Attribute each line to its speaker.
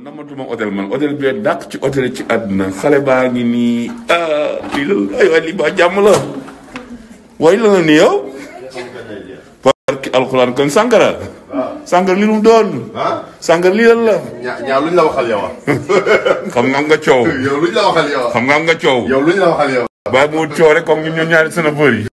Speaker 1: man namatuma hôtel man hôtel bi dàq ci hôtel ci àdduna xale baa ngi nii ah lii la ay waay lii ba jàmm la waaye la na ni yow. barki kon Sankara. Sankara li mu doon. Ah? Sankara lii la.
Speaker 2: ñaa la waxal yow
Speaker 1: xam nga am nga luñ la waxal yow. Ah. xam nga am nga coow. yow luñ la ah. moo coow rek comme ñun ñoo ñaari seen affaire yi.